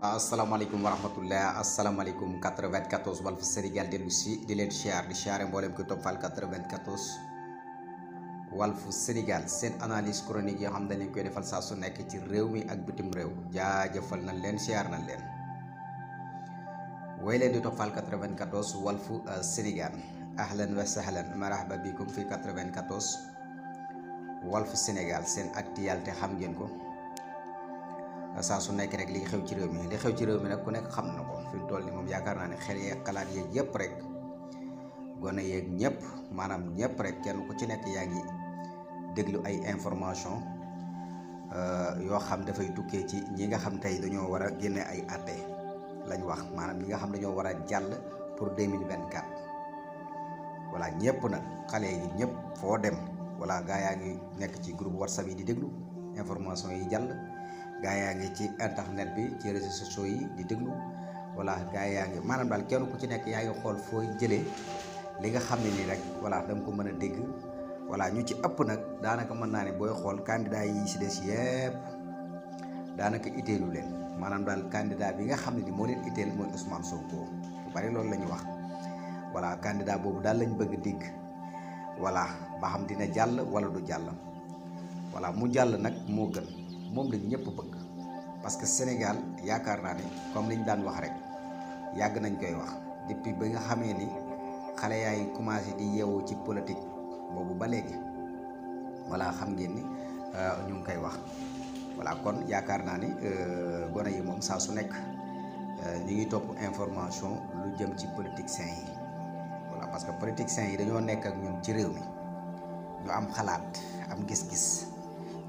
asalaamaaleykum wa rahmatullah asalaamaaleykum 94 Walf Sénégal dellu si di leen siyaar di siyaare mboolem ki toppal 94 Walf Sénégal seen analyse chronique yoo xam ne dañ koy defal saasu su nekk ci réew mi ak bitim réew jaajëfal nañ leen siyaar nañ leen. way leen di toppal 94 Walf euh, Sénégal ahlan wa sahlan marhaba bikum fi 94 fu Sénégal seen actualité xam ngeen ko. saa su nekkee rek li xew ci réew mi li xew ci réew mi nag ku nekk xam na ko fi mu toll nii moom yaakaar naa ne xel yeeg xalaat yeeg rek gone yeeg ñëpp maanaam ñëpp rek kenn ku ci nekk yaa ngi déglu ay information euh, yoo xam dafay tukkee ci ñi nga xam tey dañoo war a génne ay atte wax maanaam ñi nga xam dañoo war a jàll pour 2024 voilà ñëpp nag xale yi ñëpp foo dem voilà gaa yaa ngi nekk ci groupe whatsapp yi di déglu information yi jàll gaa yaa ngi ci internet bi ci réseaux sociaux yi di déglu voilà gaa yaa ngi maanaam daal kenn ku ci nekk yaa ngi xool fooy jëlee li nga xam ne nii rek voilà da nga ko mën a dégg voilà ñu ci ëpp nag daanaka mën naa ne booy xool kandidaa yi si des yëpp daanaka itteelu leen maanaam daal candidat bi nga xam ne ni moo leen itteel mooy Ousmane Sonko bu bari loolu la ñu wax voilà candidat boobu daal lañu bëgg dégg voilà ba dina jàll wala du jàll voilà mu jàll nag moo moom la ñëpp bëgg parce que Sénégal yaakaar naa ne comme ñu daan wax rek yàgg nañ koy wax depuis ba nga xamee ni xale yaay commencé di yeewu ci politique boobu ba léegi voilà xam ngeen ni euh, ñu ngi koy wax voilà kon yaakaar naa ni euh, gone yi moom saa su nekk euh, ñu ngi topp information lu jëm ci politiciens yi voilà parce que politiciens yi dañoo nekk ak ñun ci réew mi ñu am xalaat am gis-gis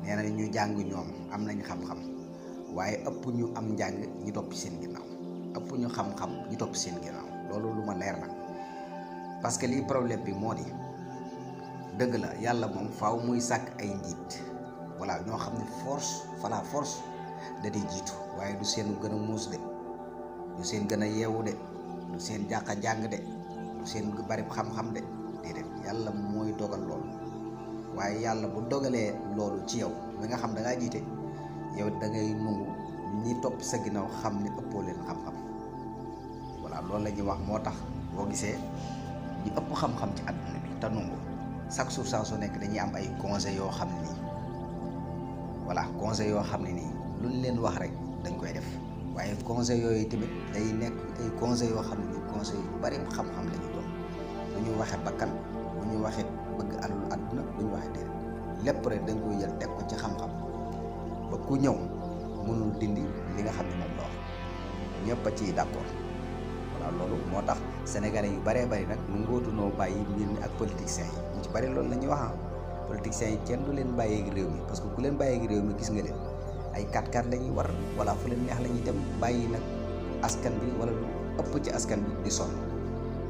nee na ñu jàng ñoom am nañ xam-xam waaye ëpp ñu am njàng ñu topp seen ginnaaw ëpp ñu xam-xam ñu topp seen ginnaaw loolu lu ma leer nag parce que lii problème bi moo di dëgg la yàlla moom faw muy sàkk ay njiit voilà ñoo xam ne force fala force da di jiitu waaye du seen gën a muus de du seen gën a yeewu de du seen jàq jàng de du seen bari xam-xam de déedéet yàlla mooy dogal loolu waaye yàlla bu dogalee loolu ci yow mi nga xam da ngaa jiite yow da ngay nungu ñi topp sa ginnaaw xam ni ëppoo leen xam-xam voilà loolu la ñuy wax moo tax boo gisee ñu ëpp xam-xam ci àdduna bi te nungu chaque jour saa su nekk dañuy am ay conseils yoo xam ne nii voilà conseils yoo xam ne nii luñ leen wax rek dañ koy def waaye conseils yooyu tamit day nekk ay conseils yoo xam ne nii conseils yu bari xam-xam la ñu doon bu ñu waxee bakkan bu ñu waxee bëgg alalu àdduna bu ñu waxee déedéet lépp rek dañ koy teg ko ci xam-xam ba ku ñëw mënul dindi li nga xam ne moom la wax ñëpp a ciy d'accord voilà loolu moo tax sénégalais yu baree bari nag lu nu ngootunoo bàyyi mbir mi ak politiciens yi ñu ci bari loolu la ñuy wax ah. politiciens yi kenn du leen bàyyeeg réew mi parce que ku leen bàyyeeg réew mi gis nga leen ay kat-kat la ñuy war wala fu leen neex la ñuy dem bàyyi nag askan bi wala lu ëpp ci askan bi di sonn.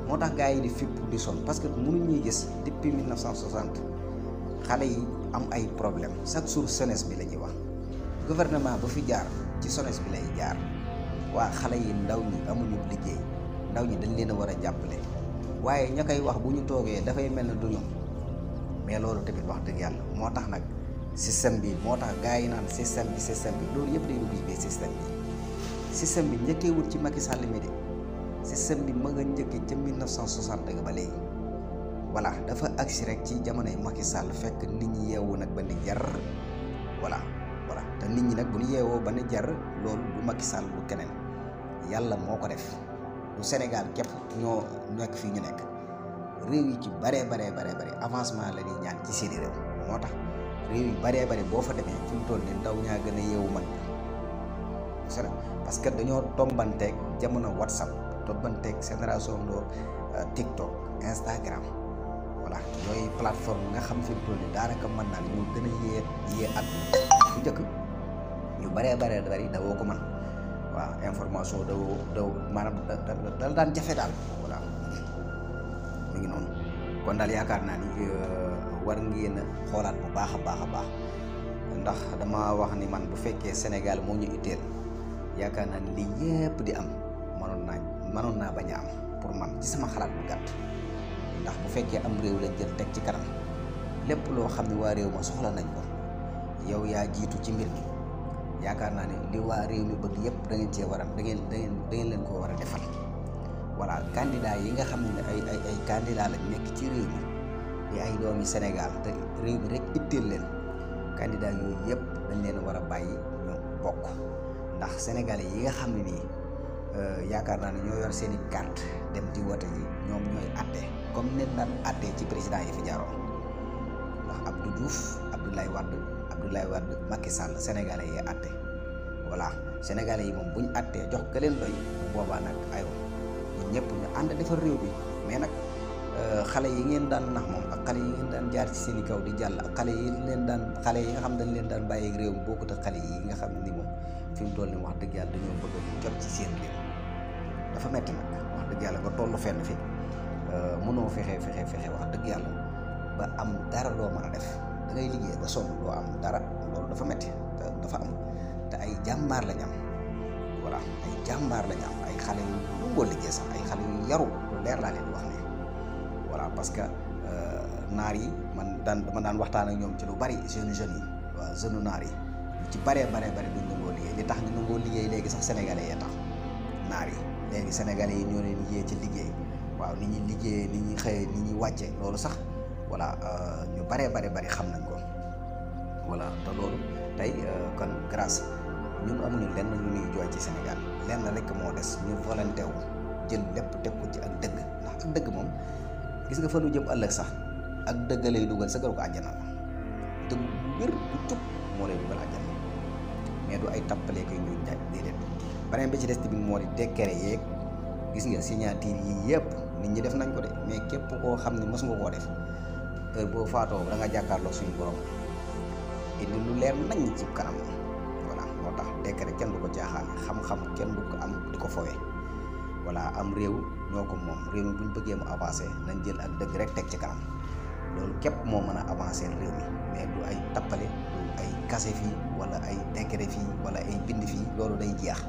moo tax gars yi di fipp di son parce que mënuñ ñuy gis depuis 1960 xale yi am ay problème chaque jour jeunesse bi la ñuy wax gouvernement bu fi jaar ci jeunesse bi lay jaar waa xale yi ndaw ñi amuñu liggéey ndaw ñi dañ leen a war a jàppale waaye ña koy wax bu ñu toogee dafay mel ne du mais loolu tamit wax dëgg yàlla moo tax nag système bi moo tax gars yi naan système bi système bi loolu yëpp day dugg ci biir bi système bi njëkkee wut ci Macky Sall mi de système bi ma nga njëkk ca 1960 ba léegi voilà dafa agsi rek ci jamonoy Macky Sall fekk nit ñi yeewu nag ba jar voilà nit ñi nag bu yeewoo ba ni jar loolu du Macky Sall du yàlla moo ko def du Sénégal képp ñoo nekk fii ñu nekk réew yi ci baree baree baree bare avancement la ñuy ñaan ci seeni réew moo tax réew yi baree bare boo fa demee fi mu toll ni ndaw ñaa gën a yeewu mag parce que dañoo tombanteeg jamono WhatsApp toppanteeg génération doo euh, TikTok Instagram voilà yooyu plateforme nga xam fi mu toll nii daanaka mën naa ñu gën a yee yee at bu njëkk ñu bëree bëree bëri dawoo ko mën waaw information daw daw maanaam da daan jafe daal voilà mu ngi noonu kon daal yaakaar naa ni euh, war ngeen a xoolaat bu baax a baax a baax ndax dama wax ni man bu fekkee senegal moo ñu itteel yaakaar naa lii yépp di am manoon naa bañ a am pour man ci sama xalaat bu gàtt ndax bu fekkee am réew lañ jël teg ci kanam lépp loo xam ne waa réew ma soxla nañ ko yow yaa jiitu ci mbir mi yaakaar naa ne li waa réew mi bëgg yépp da ngeen cee war a da ngeen da ngeen leen koo war a defal voilà candidat yi nga xam ne ay ay lañ nekk ci réew mi di ay doomi Sénégal te réew bi rek itteel leen candidat yooyu yépp dañ leen war a bàyyi bokk ndax sénégalais yi nga xam ne nii Euh, yaakaar naa ne ñoo yor seen i carte dem di wote ji ñoom ñooy atte comme nen daan atte ci président yi fi jaroon ndax Abdou Diouf Abdoulaye Wade Abdoulaye Wade Macky Sall sénégalais yi atte voilà sénégalais yi moom bu ñu attee jox ka leen doy boobaa nag aywa ñëpp ñu ànd defar réew bi mais nag euh, xale yi ngeen daan nax moom ak xale yi ngeen daan jaar ci seeni i kaw di jàll ak xale yi leen daan xale yi nga xam dañ leen daan bàyyi réew mi bokkut ak xale yi nga xam ni moom fi mu toll nii wax dëgg yàlla dañoo bëgg jot ci dafa metti nag wax dëgg yàlla nga toll fenn fi euh, mënoo fexe fexe fexe wax dëgg yàlla ba am dara loo mën def da liggéey ba sonn loo am dara loolu dafa metti dafa am te ay jàmbaar lañ am voilà ay jàmbaar lañ am ay xale yu nangoo liggéey sax ay xale yu yaru lu leer laa leen wax ne voilà parce que euh, naar yi man daan dama daan waxtaan ak ñoom ci lu bari jeunes jeunes yi waaw naar yi ci baree baree bari duñ nangoo liggéey li tax ñu nangoo liggéey léegi sax sénégalais léegi sénégalais yi ñoo leen yee ci liggéey waaw ni ñuy liggéeyee ni ñuy xëyee ni ñuy wàcce loolu sax voilà euh, ñu baree bare bari xam nañ ko voilà te loolu tey euh, kon grâce ñu nuy jooy ci Sénégal lenn moo ñu volonté wu jël lépp teg ko ci ak dëgg ndax ak dëgg moom gis nga fa nu jëm ëllëg sax ak dëgg lay dugal sa ko àjjana la dëgg wér bu cub moo lay dugal àjjana mais du ay tàppalee koy ñu jaaj déedéet beneen bi ci des tamit moo di décret yeeg gis nga signature yi yëpp nit ñi def nañ ko de mais képp koo xam ne mos nga koo def heure boo faatoo da nga jàkkaarloo suñu borom indi lu leer nañ ci kanam voilà moo tax décret kenn du ko jaaxaan xam-xam kenn du ko am di ko fowee voilà am réew ñoo ko moom réew mi bu ñu bëggee mu avancé nañ jël ak dëgg rek teg ci kanam loolu képp moo mën a avancé réew mi mais du ay tappale du ay kase fii wala ay décret fii wala ay bind fii loolu day jeex.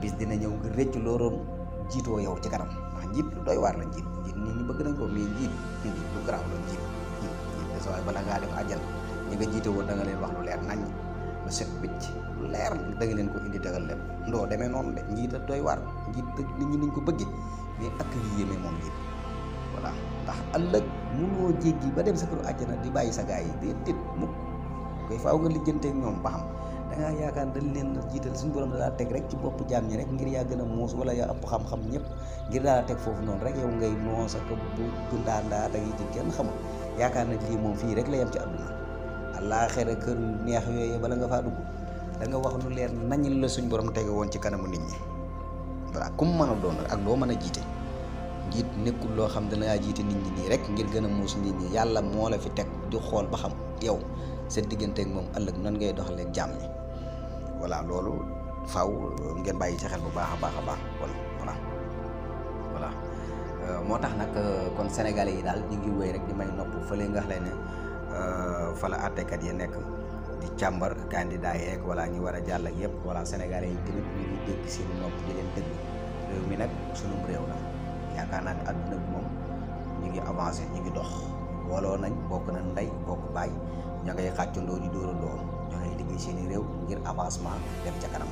bis dina ñëw nga rëcc looroon jiitoo yow ci kanam ndax njiit lu doy waar la njiit njiit bëgg nañ ko mais njiit njiit lu garaaw la njiit njiit ñi nga jiite woon da nga wax lu leer nañ lu set picc lu leer da leen ko indi tegal leen ndoo demee noonu de njiit a doy waar njiit nit ñi nañ ko bëgge mais ak yi yéeme moom njiit voilà ndax ëllëg mënoo jéggi ba dem sa këru àjjana di bàyyi sa gaay yi déedéet mukk koy faaw nga lijjante ñoom ba xam dangaa yaakaar dañ leen jiital suñu borom dalaa teg rek ci bopp jaam ñi rek ngir yaa gën a muus wala yaa ëpp xam-xam ñëpp ngir dalaa teg foofu noonu rek yow ngay moos ak bu gundaa ndaa ak yi ci yaakaar na lii moom fii rek la yem ci àdduna àllaaxira kër neex yooyu bala nga da nga wax lu leer nañu la suñu borom tege woon ci kanamu nit ñi voilà kum mën a doon ak loo mën a jiite jiit nekkul loo xam dana yaa jiite nit ñi nii rek ngir gën a muus nit ñi yàlla moo la fi teg di xool ba xam yow seen diggante ak moom ëllëg nan ngay doxalee jàmm ñi voilà loolu faaw ngeen bàyyi ci xel bu baax a baax a baax kon voilà euh, moo tax nag euh, kon sénégalais yi daal ñu ngi wéy rek di may nopp fële nga xam ne euh, fa la àttekat yi nekk di càmbar candidat yeeg wala ñu war a jàll ak yëpp voilà sénégalais yi tamit ñu ngi dégg seen nopp di leen réew mi nag sunum réew la yaakaar naa ne moom ñu ngi avancé ñu ngi dox booloo nañ bokk nañ ndey bokk bàyyi ña ngay xàccandoo di dóorandoo muy seeni réew ngir avancement dem ca kanam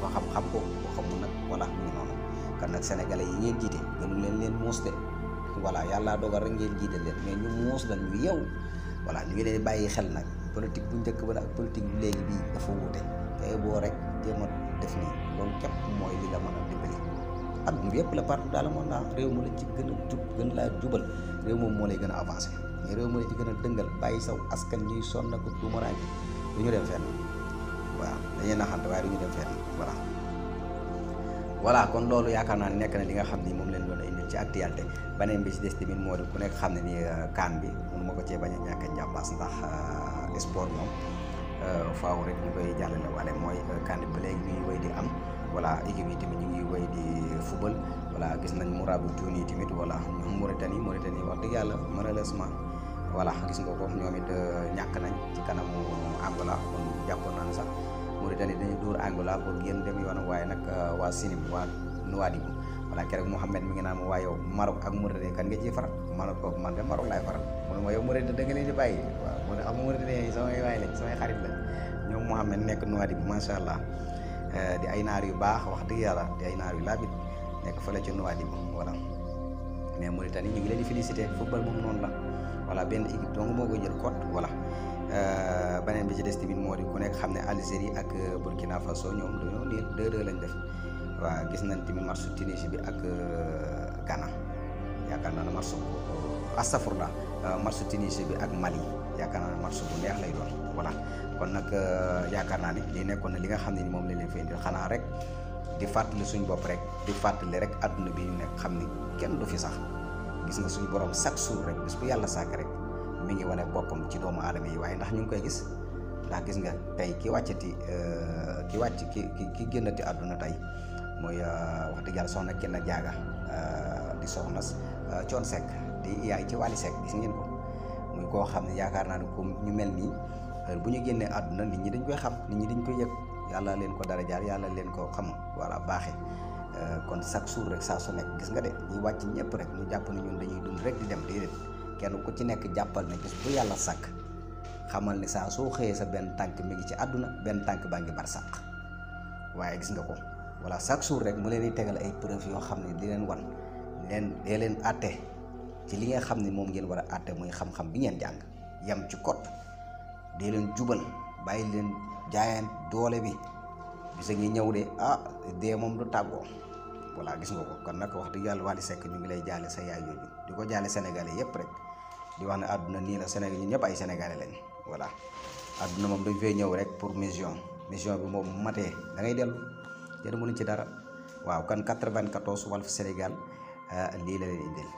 ko xam xam ko ko xamul nag wala mu noonu kon nag sénégalais yi ngeen jiite gënu leen leen moos de voilà yàlla dogal rek ngeen jiite leen mais ñu muus la ñu yow voilà ñu ngi bàyyi xel nag politique bu njëkk ba nag politique bu léegi bii dafa wuute tey boo rek jéem a def nii loolu képp mooy li la mën a dimbali ak yëpp la partout daal moom naa ah. réew mu la ci gën a jub gën laa jubal réew moom moo lay gën a avancé mais réew ci gën a dëngal bàyyi saw askan ñuy sonn ko tuumaraan du ñu dem fenn waaw dañuy naxante waaye du ñu dem fenn voilà. kon loolu yaakaar naa ne nekk na li nga xam ni moom leen doon indil ci actualité beneen bi ci des tamit moo di ku nekk xam ne ni euh, kaan bi ma ko cee bañ a ñàkk njàmbaas ndax euh, sport moom euh, faaw rek ñu koy jàllale wale mooy kaan bi ba léegi ñu ngi wéy di am voilà équipe yi tamit ñu ngi wéy di football voilà gis nañ Mourabitoune yi tamit voilà ñoom Mauritanie Mauritanie wax dëgg yàlla malheureusement voilà gis nga ko ñoom it euh, ñàkk nañ ci kanamu Angola kon jàppoon naa ne sax Mauritanie dañu dóor Angola pour génn dem yoon waaye nag euh, waa Sinim waa Nouadhibou voilà keroog Mouhamed mi ngi naan waaye yow Maroc ak Mauritanie kan nga ciy faral man de Maroc laay faral da nga leen di bàyyi waaw mu ne am ah, Mauritanie samay waay nekk Nouadhibou macha allah euh, di ay naar yu baax wax dëgg yàlla di ay naar yu laabit nekk fële ci Nouadhibou voilà mais Mauritanie ñu ngi leen di félicité football moom noonu la. voilà benn équipe donc moo koy jël cote voilà euh, beneen bi ci des tamit moo di ku nekk xam ne Algérie ak euh, Burkina Faso ñoom dañoo nii deux deux lañ def waaw gis nañ tamit match Tunisie bi ak euh, Ghana yaakaar naa ne match astafurla match Tunisie bi ak Mali yaakaar naa ne match bu neex lay doon voilà kon nag yaakaar naa ne lii nekkoon na li nga xam ne ni moom lañ leen fay indil xanaa rek di fàttali suñ bopp rek di fàttali rek adduna bi ñu nekk xam ni kenn du fi sax. gis nga suñu borom chaque jour rek bis bu yàlla sàkk rek mi ngi wane boppam ci doomu aadama yi waaye ndax ñu ngi koy gis ndax gis nga tey ki wàccati euh, ki wàcc ki ki génnati àdduna tey mooy euh, wax dëgg yàlla soxna kenn jaaga euh, di soxna coon sekk di yaay ci wàlli sekk gis ngeen ko muy koo xam ne yaakaar naa ni ko ñu mel nii bu ñu génnee àdduna nit ñi dañ koy xam nit ñi dañ koy yëg yàlla leen ko dara jaar yàlla leen ko xam walla baaxe Euh, kon chaque jour rek saa su nekk gis nga de ñuy wàcc ñëpp rek ñu jàpp ne ñun dañuy dund rek di dem déedéet kenn ku ci nekk jàppal na bis bu yàlla sàkk xamal ni saa soo xëyee sa benn tànk mi ngi ci àdduna benn tànk baa ngi bar sàq waaye gis nga ko voilà chaque jour rek mu leen di tegal ay preuve yoo xam ne di leen wan leen dee leen àtte ci li nga xam ne moom ngeen war a àtte muy xam-xam bi ngeen jàng yam ci kot dee leen jubal bàyyi leen jaayeen doole bi bisa ngi ñëw de ah dee moom du tàggoo voilà gis nga ko kon nag wax dëgg yàlla Wally Seck ñu ngi lay jaale sa yaay yooyu di ko jaale sénégalais yëpp rek di wax ne àdduna nii la Sénégal ñun ñëpp ay sénégalais lañ voilà àdduna moom dañ fay ñëw rek pour mission mission bi moom matee da ngay dellu yéen mënuñ ci dara waaw kan 94 Walf Sénégal ah, lii la leen indil